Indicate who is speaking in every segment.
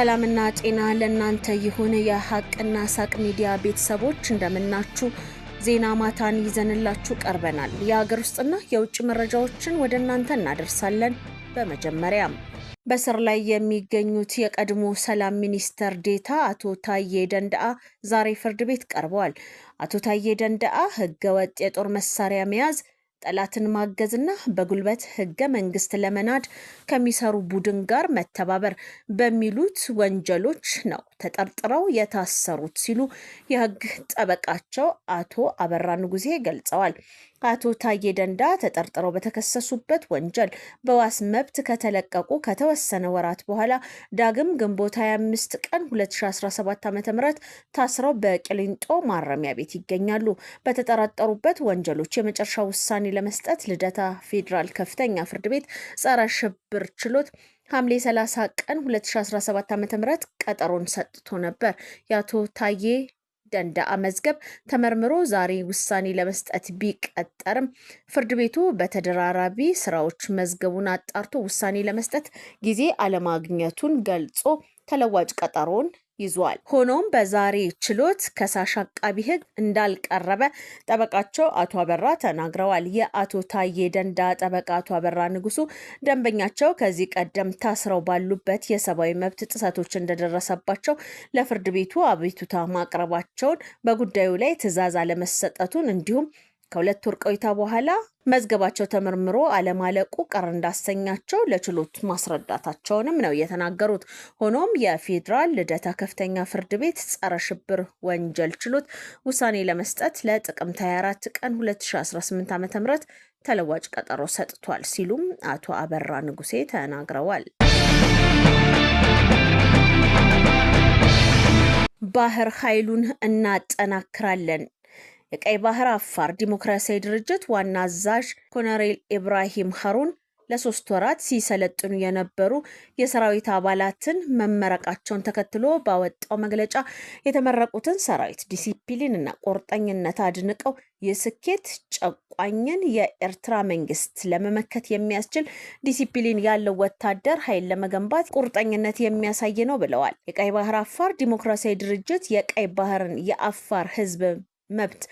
Speaker 1: ሰላምና ጤና ለእናንተ ይሁን። የሀቅና ሳቅ ሚዲያ ቤተሰቦች እንደምናችሁ። ዜና ማታን ይዘንላችሁ ቀርበናል። የሀገር ውስጥና የውጭ መረጃዎችን ወደ እናንተ እናደርሳለን። በመጀመሪያም በስር ላይ የሚገኙት የቀድሞ ሰላም ሚኒስተር ዴታ አቶ ታዬ ደንደዓ ዛሬ ፍርድ ቤት ቀርበዋል። አቶ ታዬ ደንደአ ህገወጥ የጦር መሳሪያ መያዝ ጠላትን ማገዝና በጉልበት ህገ መንግስት ለመናድ ከሚሰሩ ቡድን ጋር መተባበር በሚሉት ወንጀሎች ነው ተጠርጥረው የታሰሩት ሲሉ የህግ ጠበቃቸው አቶ አበራ ንጉዜ ገልጸዋል። አቶ ታዬ ደንዳ ተጠርጥረው በተከሰሱበት ወንጀል በዋስ መብት ከተለቀቁ ከተወሰነ ወራት በኋላ ዳግም ግንቦት 25 ቀን 2017 ዓ ም ታስረው በቅሊንጦ ማረሚያ ቤት ይገኛሉ። በተጠረጠሩበት ወንጀሎች የመጨረሻ ውሳኔ ለመስጠት ልደታ ፌዴራል ከፍተኛ ፍርድ ቤት ጸረ ሽብር ችሎት ሐምሌ 30 ቀን 2017 ዓ ም ቀጠሮን ሰጥቶ ነበር። የአቶ ታዬ ደንዳአ መዝገብ ተመርምሮ ዛሬ ውሳኔ ለመስጠት ቢቀጠርም ፍርድ ቤቱ በተደራራቢ ስራዎች መዝገቡን አጣርቶ ውሳኔ ለመስጠት ጊዜ አለማግኘቱን ገልጾ ተለዋጭ ቀጠሮውን ይዟል። ሆኖም በዛሬ ችሎት ከሳሽ አቃቢ ሕግ እንዳልቀረበ ጠበቃቸው አቶ አበራ ተናግረዋል። የአቶ ታዬ ደንዳ ጠበቃ አቶ አበራ ንጉሱ ደንበኛቸው ከዚህ ቀደም ታስረው ባሉበት የሰብአዊ መብት ጥሰቶች እንደደረሰባቸው ለፍርድ ቤቱ አቤቱታ ማቅረባቸውን፣ በጉዳዩ ላይ ትዕዛዝ አለመሰጠቱን እንዲሁም ከሁለት ወር ቆይታ በኋላ መዝገባቸው ተመርምሮ አለማለቁ ቅር እንዳሰኛቸው ለችሎት ማስረዳታቸውንም ነው የተናገሩት። ሆኖም የፌዴራል ልደታ ከፍተኛ ፍርድ ቤት ጸረ ሽብር ወንጀል ችሎት ውሳኔ ለመስጠት ለጥቅምት 24 ቀን 2018 ዓ.ም ተለዋጭ ቀጠሮ ሰጥቷል ሲሉም አቶ አበራ ንጉሴ ተናግረዋል።
Speaker 2: ባህር ኃይሉን እናጠናክራለን የቀይ ባህር አፋር ዲሞክራሲያዊ ድርጅት ዋና አዛዥ ኮሎኔል ኢብራሂም ሀሩን ለሶስት ወራት ሲሰለጥኑ የነበሩ የሰራዊት አባላትን መመረቃቸውን ተከትሎ ባወጣው መግለጫ የተመረቁትን ሰራዊት ዲሲፕሊን እና ቁርጠኝነት አድንቀው የስኬት ጨቋኝን የኤርትራ መንግስት ለመመከት የሚያስችል ዲሲፕሊን ያለው ወታደር ኃይል ለመገንባት ቁርጠኝነት የሚያሳይ ነው ብለዋል። የቀይ ባህር አፋር ዲሞክራሲያዊ ድርጅት የቀይ ባህርን የአፋር ህዝብ መብት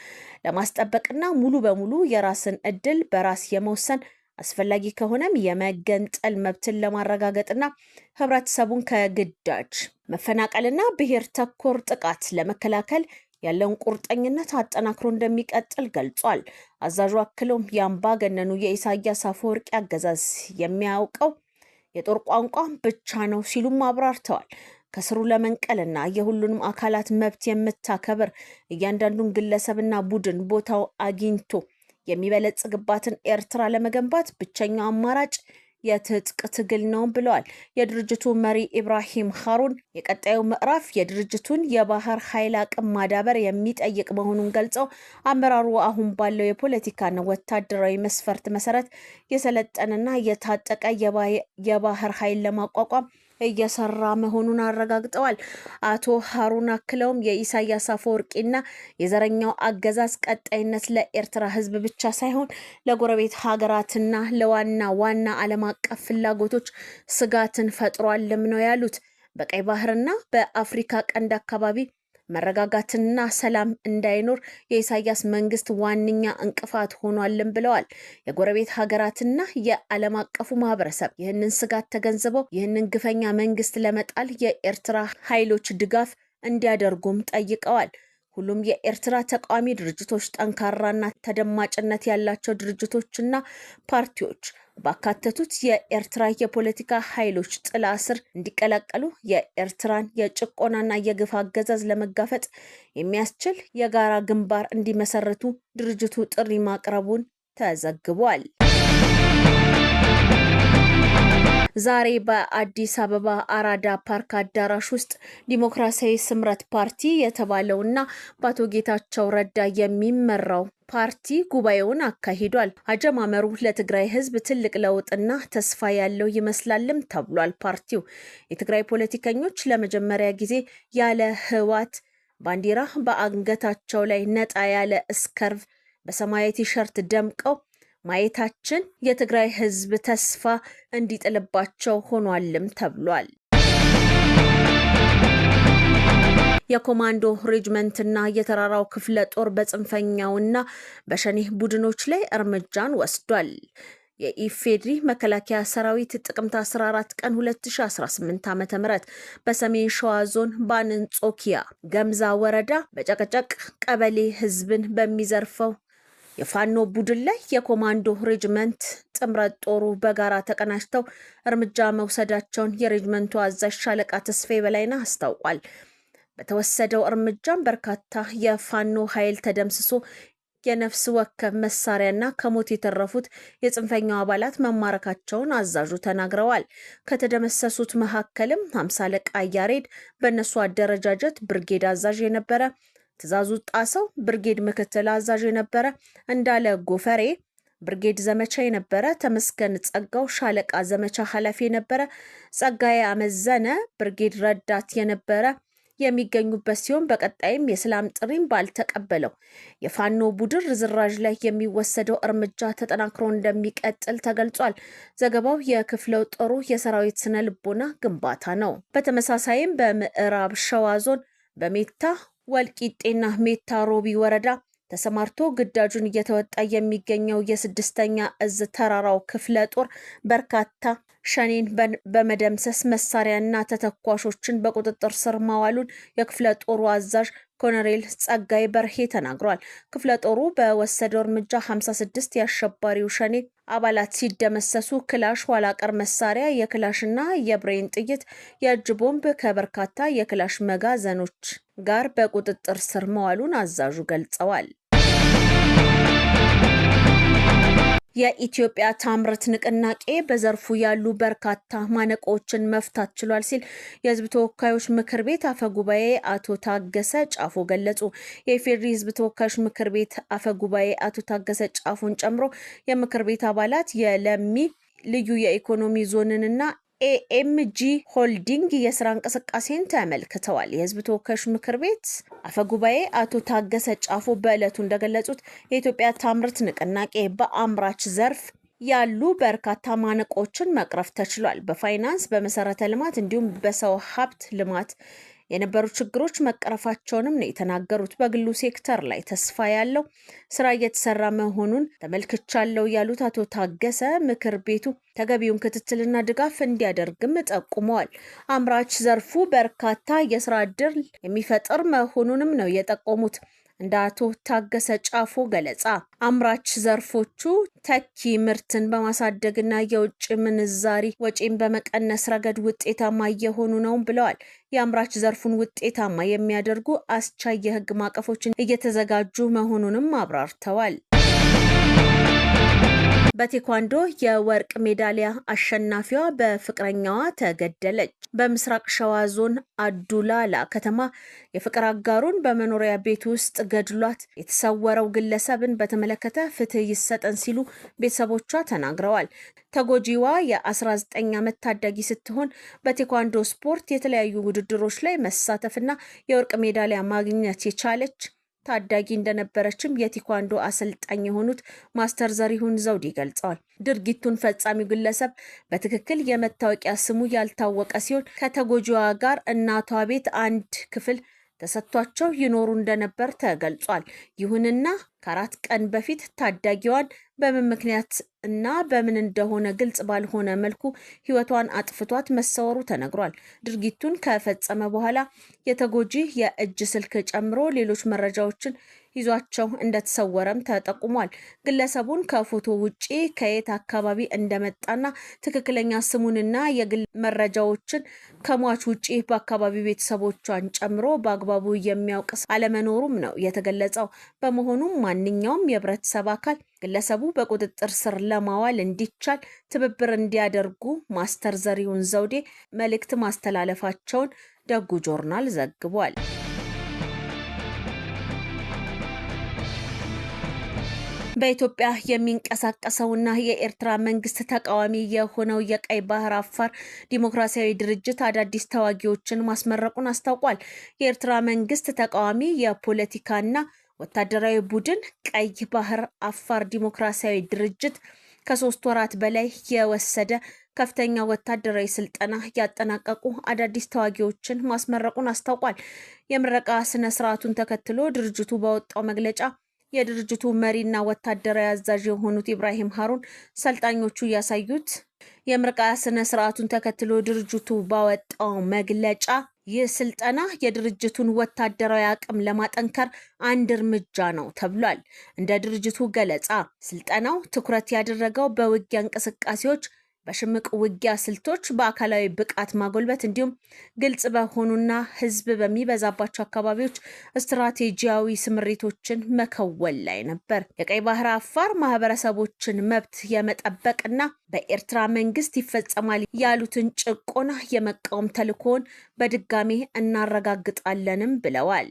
Speaker 2: ለማስጠበቅና ሙሉ በሙሉ የራስን እድል በራስ የመወሰን አስፈላጊ ከሆነም የመገንጠል መብትን ለማረጋገጥና ህብረተሰቡን ከግዳጅ መፈናቀልና ብሔር ተኮር ጥቃት ለመከላከል ያለውን ቁርጠኝነት አጠናክሮ እንደሚቀጥል ገልጿል። አዛዡ አክሎም የአምባገነኑ የኢሳያስ አፈወርቂ አገዛዝ የሚያውቀው የጦር ቋንቋ ብቻ ነው ሲሉም አብራርተዋል። ከስሩ ለመንቀልና የሁሉንም አካላት መብት የምታከብር እያንዳንዱን ግለሰብና ቡድን ቦታው አግኝቶ የሚበለጽግባትን ኤርትራ ለመገንባት ብቸኛው አማራጭ የትጥቅ ትግል ነው ብለዋል። የድርጅቱ መሪ ኢብራሂም ሀሩን የቀጣዩ ምዕራፍ የድርጅቱን የባህር ኃይል አቅም ማዳበር የሚጠይቅ መሆኑን ገልጸው አመራሩ አሁን ባለው የፖለቲካና ወታደራዊ መስፈርት መሰረት የሰለጠነና የታጠቀ የባህር ኃይል ለማቋቋም እየሰራ መሆኑን አረጋግጠዋል። አቶ ሀሩን አክለውም የኢሳያስ አፈወርቂና የዘረኛው አገዛዝ ቀጣይነት ለኤርትራ ሕዝብ ብቻ ሳይሆን ለጎረቤት ሀገራትና ለዋና ዋና ዓለም አቀፍ ፍላጎቶች ስጋትን ፈጥሯልም ነው ያሉት። በቀይ ባህርና በአፍሪካ ቀንድ አካባቢ መረጋጋትና ሰላም እንዳይኖር የኢሳያስ መንግስት ዋነኛ እንቅፋት ሆኗልን ብለዋል። የጎረቤት ሀገራትና የዓለም አቀፉ ማህበረሰብ ይህንን ስጋት ተገንዝበው ይህንን ግፈኛ መንግስት ለመጣል የኤርትራ ኃይሎች ድጋፍ እንዲያደርጉም ጠይቀዋል። ሁሉም የኤርትራ ተቃዋሚ ድርጅቶች ጠንካራና ተደማጭነት ያላቸው ድርጅቶችና ፓርቲዎች ባካተቱት የኤርትራ የፖለቲካ ኃይሎች ጥላ ስር እንዲቀላቀሉ የኤርትራን የጭቆናና የግፍ አገዛዝ ለመጋፈጥ የሚያስችል የጋራ ግንባር እንዲመሰርቱ ድርጅቱ ጥሪ ማቅረቡን ተዘግቧል።
Speaker 3: ዛሬ በአዲስ አበባ አራዳ ፓርክ አዳራሽ ውስጥ ዲሞክራሲያዊ ስምረት ፓርቲ የተባለውና በአቶ ጌታቸው ረዳ የሚመራው ፓርቲ ጉባኤውን አካሂዷል። አጀማመሩ ለትግራይ ሕዝብ ትልቅ ለውጥና ተስፋ ያለው ይመስላልም ተብሏል። ፓርቲው የትግራይ ፖለቲከኞች ለመጀመሪያ ጊዜ ያለ ህዋት ባንዲራ በአንገታቸው ላይ ነጣ ያለ እስከርቭ በሰማያዊ ቲሸርት ደምቀው ማየታችን የትግራይ ሕዝብ ተስፋ እንዲጥልባቸው ሆኗልም ተብሏል።
Speaker 4: የኮማንዶ ሬጅመንትና የተራራው ክፍለ ጦር በጽንፈኛውና በሸኔህ ቡድኖች ላይ እርምጃን ወስዷል። የኢፌድሪ መከላከያ ሰራዊት ጥቅምት 14 ቀን 2018 ዓ ም በሰሜን ሸዋ ዞን ባንንጾኪያ ገምዛ ወረዳ በጨቀጨቅ ቀበሌ ህዝብን በሚዘርፈው የፋኖ ቡድን ላይ የኮማንዶ ሬጅመንት ጥምረት ጦሩ በጋራ ተቀናጅተው እርምጃ መውሰዳቸውን የሬጅመንቱ አዛዥ ሻለቃ ተስፌ በላይና አስታውቋል። በተወሰደው እርምጃም በርካታ የፋኖ ኃይል ተደምስሶ የነፍስ ወከፍ መሳሪያና ከሞት የተረፉት የጽንፈኛው አባላት መማረካቸውን አዛዡ ተናግረዋል። ከተደመሰሱት መካከልም ሀምሳ አለቃ ያሬድ በእነሱ አደረጃጀት ብርጌድ አዛዥ የነበረ ትዕዛዙ ጣሰው ብርጌድ ምክትል አዛዥ የነበረ እንዳለ ጎፈሬ ብርጌድ ዘመቻ የነበረ ተመስገን ጸጋው ሻለቃ ዘመቻ ኃላፊ የነበረ ጸጋዬ አመዘነ ብርጌድ ረዳት የነበረ የሚገኙበት ሲሆን በቀጣይም የሰላም ጥሪም ባልተቀበለው የፋኖ ቡድን ርዝራዥ ላይ የሚወሰደው እርምጃ ተጠናክሮ እንደሚቀጥል ተገልጿል። ዘገባው የክፍለው ጦሩ የሰራዊት ስነ ልቦና ግንባታ ነው። በተመሳሳይም በምዕራብ ሸዋ ዞን በሜታ ወልቂጤና ሜታ ሮቢ ወረዳ ተሰማርቶ ግዳጁን እየተወጣ የሚገኘው የስድስተኛ እዝ ተራራው ክፍለ ጦር በርካታ ሸኔን በመደምሰስ መሳሪያና ተተኳሾችን በቁጥጥር ስር ማዋሉን የክፍለ ጦሩ አዛዥ ኮሎኔል ጸጋይ በርሄ ተናግሯል። ክፍለ ጦሩ በወሰደው እርምጃ 56 የአሸባሪው ሸኔ አባላት ሲደመሰሱ ክላሽ፣ ኋላቀር መሳሪያ፣ የክላሽና የብሬን ጥይት፣ የእጅ ቦምብ ከበርካታ የክላሽ መጋዘኖች ጋር በቁጥጥር ስር መዋሉን አዛዡ ገልጸዋል።
Speaker 5: የኢትዮጵያ ታምርት ንቅናቄ በዘርፉ ያሉ በርካታ ማነቆዎችን መፍታት ችሏል ሲል የሕዝብ ተወካዮች ምክር ቤት አፈ ጉባኤ አቶ ታገሰ ጫፎ ገለጹ። የኢፌዴሪ ሕዝብ ተወካዮች ምክር ቤት አፈ ጉባኤ አቶ ታገሰ ጫፎን ጨምሮ የምክር ቤት አባላት የለሚ ልዩ የኢኮኖሚ ዞንንና ኤኤምጂ ሆልዲንግ የስራ እንቅስቃሴን ተመልክተዋል። የህዝብ ተወካዮች ምክር ቤት አፈ ጉባኤ አቶ ታገሰ ጫፎ በዕለቱ እንደገለጹት የኢትዮጵያ ታምርት ንቅናቄ በአምራች ዘርፍ ያሉ በርካታ ማነቆችን መቅረፍ ተችሏል። በፋይናንስ፣ በመሰረተ ልማት እንዲሁም በሰው ሀብት ልማት የነበሩ ችግሮች መቀረፋቸውንም ነው የተናገሩት። በግሉ ሴክተር ላይ ተስፋ ያለው ስራ እየተሰራ መሆኑን ተመልክቻለሁ ያሉት አቶ ታገሰ ምክር ቤቱ ተገቢውን ክትትልና ድጋፍ እንዲያደርግም ጠቁመዋል። አምራች ዘርፉ በርካታ የስራ እድል የሚፈጥር መሆኑንም ነው የጠቆሙት። እንደ አቶ ታገሰ ጫፎ ገለጻ አምራች ዘርፎቹ ተኪ ምርትን በማሳደግና የውጭ ምንዛሪ ወጪን በመቀነስ ረገድ ውጤታማ እየሆኑ ነው ብለዋል። የአምራች ዘርፉን ውጤታማ የሚያደርጉ አስቻይ የህግ ማዕቀፎችን እየተዘጋጁ መሆኑንም አብራርተዋል።
Speaker 6: በቴኳንዶ የወርቅ ሜዳሊያ አሸናፊዋ በፍቅረኛዋ ተገደለች። በምስራቅ ሸዋ ዞን አዱላላ ከተማ የፍቅር አጋሩን በመኖሪያ ቤት ውስጥ ገድሏት የተሰወረው ግለሰብን በተመለከተ ፍትህ ይሰጠን ሲሉ ቤተሰቦቿ ተናግረዋል። ተጎጂዋ የ19 ዓመት ታዳጊ ስትሆን በቴኳንዶ ስፖርት የተለያዩ ውድድሮች ላይ መሳተፍና የወርቅ ሜዳሊያ ማግኘት የቻለች ታዳጊ እንደነበረችም የቲኳንዶ አሰልጣኝ የሆኑት ማስተር ዘሪሁን ዘውድ ገልጸዋል። ድርጊቱን ፈጻሚው ግለሰብ በትክክል የመታወቂያ ስሙ ያልታወቀ ሲሆን ከተጎጂዋ ጋር እናቷ ቤት አንድ ክፍል ተሰጥቷቸው ይኖሩ እንደነበር ተገልጿል። ይሁንና ከአራት ቀን በፊት ታዳጊዋን በምን ምክንያት እና በምን እንደሆነ ግልጽ ባልሆነ መልኩ ሕይወቷን አጥፍቷት መሰወሩ ተነግሯል። ድርጊቱን ከፈጸመ በኋላ የተጎጂ የእጅ ስልክ ጨምሮ ሌሎች መረጃዎችን ይዟቸው እንደተሰወረም ተጠቁሟል። ግለሰቡን ከፎቶ ውጪ ከየት አካባቢ እንደመጣና ትክክለኛ ስሙንና የግል መረጃዎችን ከሟች ውጪ በአካባቢ ቤተሰቦቿን ጨምሮ በአግባቡ የሚያውቅ አለመኖሩም ነው የተገለጸው። በመሆኑም ማንኛውም የህብረተሰብ አካል ግለሰቡ በቁጥጥር ስር ለማዋል እንዲቻል ትብብር እንዲያደርጉ ማስተር ዘሪሁን ዘውዴ መልእክት ማስተላለፋቸውን ደጉ ጆርናል ዘግቧል።
Speaker 7: በኢትዮጵያ የሚንቀሳቀሰውና የኤርትራ መንግስት ተቃዋሚ የሆነው የቀይ ባህር አፋር ዲሞክራሲያዊ ድርጅት አዳዲስ ተዋጊዎችን ማስመረቁን አስታውቋል። የኤርትራ መንግስት ተቃዋሚ የፖለቲካና ወታደራዊ ቡድን ቀይ ባህር አፋር ዲሞክራሲያዊ ድርጅት ከሶስት ወራት በላይ የወሰደ ከፍተኛ ወታደራዊ ስልጠና ያጠናቀቁ አዳዲስ ተዋጊዎችን ማስመረቁን አስታውቋል። የምረቃ ስነ ስርዓቱን ተከትሎ ድርጅቱ ባወጣው መግለጫ የድርጅቱ መሪና ወታደራዊ አዛዥ የሆኑት ኢብራሂም ሀሩን ሰልጣኞቹ እያሳዩት የምርቃ ስነ ስርዓቱን ተከትሎ ድርጅቱ ባወጣው መግለጫ ይህ ስልጠና የድርጅቱን ወታደራዊ አቅም ለማጠንከር አንድ እርምጃ ነው ተብሏል። እንደ ድርጅቱ ገለጻ ስልጠናው ትኩረት ያደረገው በውጊያ እንቅስቃሴዎች በሽምቅ ውጊያ ስልቶች በአካላዊ ብቃት ማጎልበት እንዲሁም ግልጽ በሆኑና ሕዝብ በሚበዛባቸው አካባቢዎች ስትራቴጂያዊ ስምሪቶችን መከወል ላይ ነበር። የቀይ ባህር አፋር ማህበረሰቦችን መብት የመጠበቅና በኤርትራ መንግስት ይፈጸማል ያሉትን ጭቆና የመቃወም ተልዕኮውን በድጋሜ እናረጋግጣለንም ብለዋል።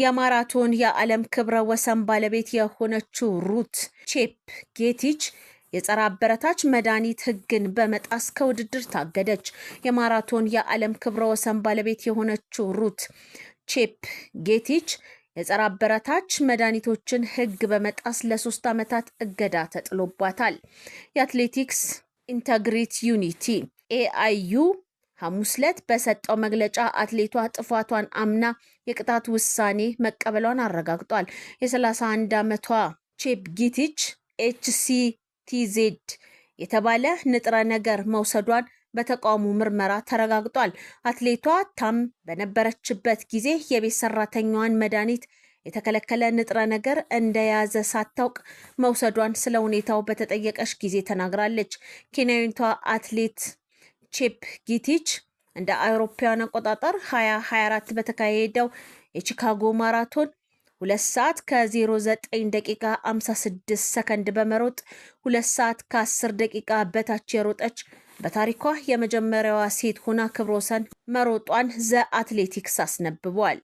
Speaker 8: የማራቶን የዓለም ክብረ ወሰን ባለቤት የሆነችው ሩት ቼፕ ጌቲች የጸረ አበረታች መድኃኒት ሕግን በመጣስ ከውድድር ታገደች። የማራቶን የዓለም ክብረ ወሰን ባለቤት የሆነችው ሩት ቼፕ ጌቲች የጸረ አበረታች መድኃኒቶችን ሕግ በመጣስ ለሶስት ዓመታት እገዳ ተጥሎባታል። የአትሌቲክስ ኢንተግሪት ዩኒቲ ኤአይዩ ሐሙስ ዕለት በሰጠው መግለጫ አትሌቷ ጥፋቷን አምና የቅጣት ውሳኔ መቀበሏን አረጋግጧል። የ31 ዓመቷ ቼፕ ጊቲች ኤችሲቲዜድ የተባለ ንጥረ ነገር መውሰዷን በተቋሙ ምርመራ ተረጋግጧል። አትሌቷ ታም በነበረችበት ጊዜ የቤት ሰራተኛዋን መድኃኒት የተከለከለ ንጥረ ነገር እንደያዘ ሳታውቅ መውሰዷን ስለ ሁኔታው በተጠየቀች ጊዜ ተናግራለች። ኬንያዊቷ አትሌት ቼፕ ጊቲች እንደ አውሮፓውያን አቆጣጠር 2024 በተካሄደው የቺካጎ ማራቶን 2 ሰዓት ከ09 ደቂቃ 56 ሰከንድ በመሮጥ ሁለት ሰዓት ከ10 ደቂቃ በታች የሮጠች በታሪኳ የመጀመሪያዋ ሴት ሆና ክብረ ወሰን መሮጧን ዘ አትሌቲክስ አስነብቧል።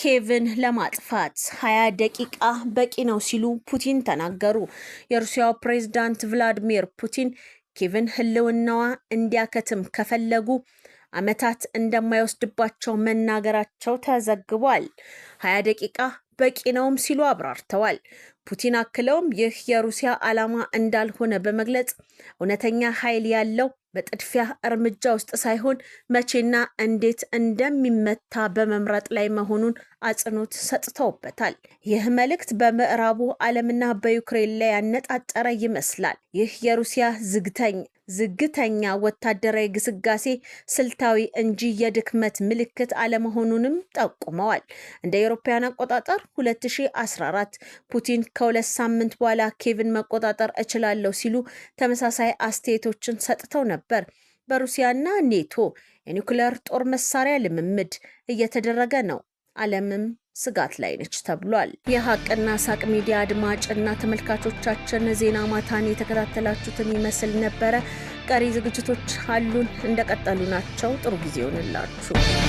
Speaker 9: ኬቭን ለማጥፋት ሀያ ደቂቃ በቂ ነው ሲሉ ፑቲን ተናገሩ። የሩሲያው ፕሬዝዳንት ቭላድሚር ፑቲን ኬቭን ህልውናዋ እንዲያከትም ከፈለጉ ዓመታት እንደማይወስድባቸው መናገራቸው ተዘግቧል። ሀያ ደቂቃ በቂ ነውም ሲሉ አብራርተዋል። ፑቲን አክለውም ይህ የሩሲያ ዓላማ እንዳልሆነ በመግለጽ እውነተኛ ኃይል ያለው በጥድፊያ እርምጃ ውስጥ ሳይሆን መቼና እንዴት እንደሚመታ በመምረጥ ላይ መሆኑን አጽንኦት ሰጥተውበታል። ይህ መልእክት በምዕራቡ ዓለምና በዩክሬን ላይ ያነጣጠረ ይመስላል። ይህ የሩሲያ ዝግተኝ ዝግተኛ ወታደራዊ ግስጋሴ ስልታዊ እንጂ የድክመት ምልክት አለመሆኑንም ጠቁመዋል። እንደ አውሮፓውያን አቆጣጠር 2014 ፑቲን ከሁለት ሳምንት በኋላ ኬቭን መቆጣጠር እችላለሁ ሲሉ ተመሳሳይ አስተያየቶችን ሰጥተው ነበር። በሩሲያና ኔቶ የኒውክሌር ጦር መሳሪያ ልምምድ እየተደረገ ነው። ዓለምም ስጋት ላይ ነች ተብሏል።
Speaker 1: የሀቅና ሳቅ ሚዲያ አድማጭና ተመልካቾቻችን ዜና ማታን የተከታተላችሁትን ይመስል ነበረ። ቀሪ ዝግጅቶች አሉን፣ እንደቀጠሉ ናቸው። ጥሩ ጊዜ ይሆንላችሁ።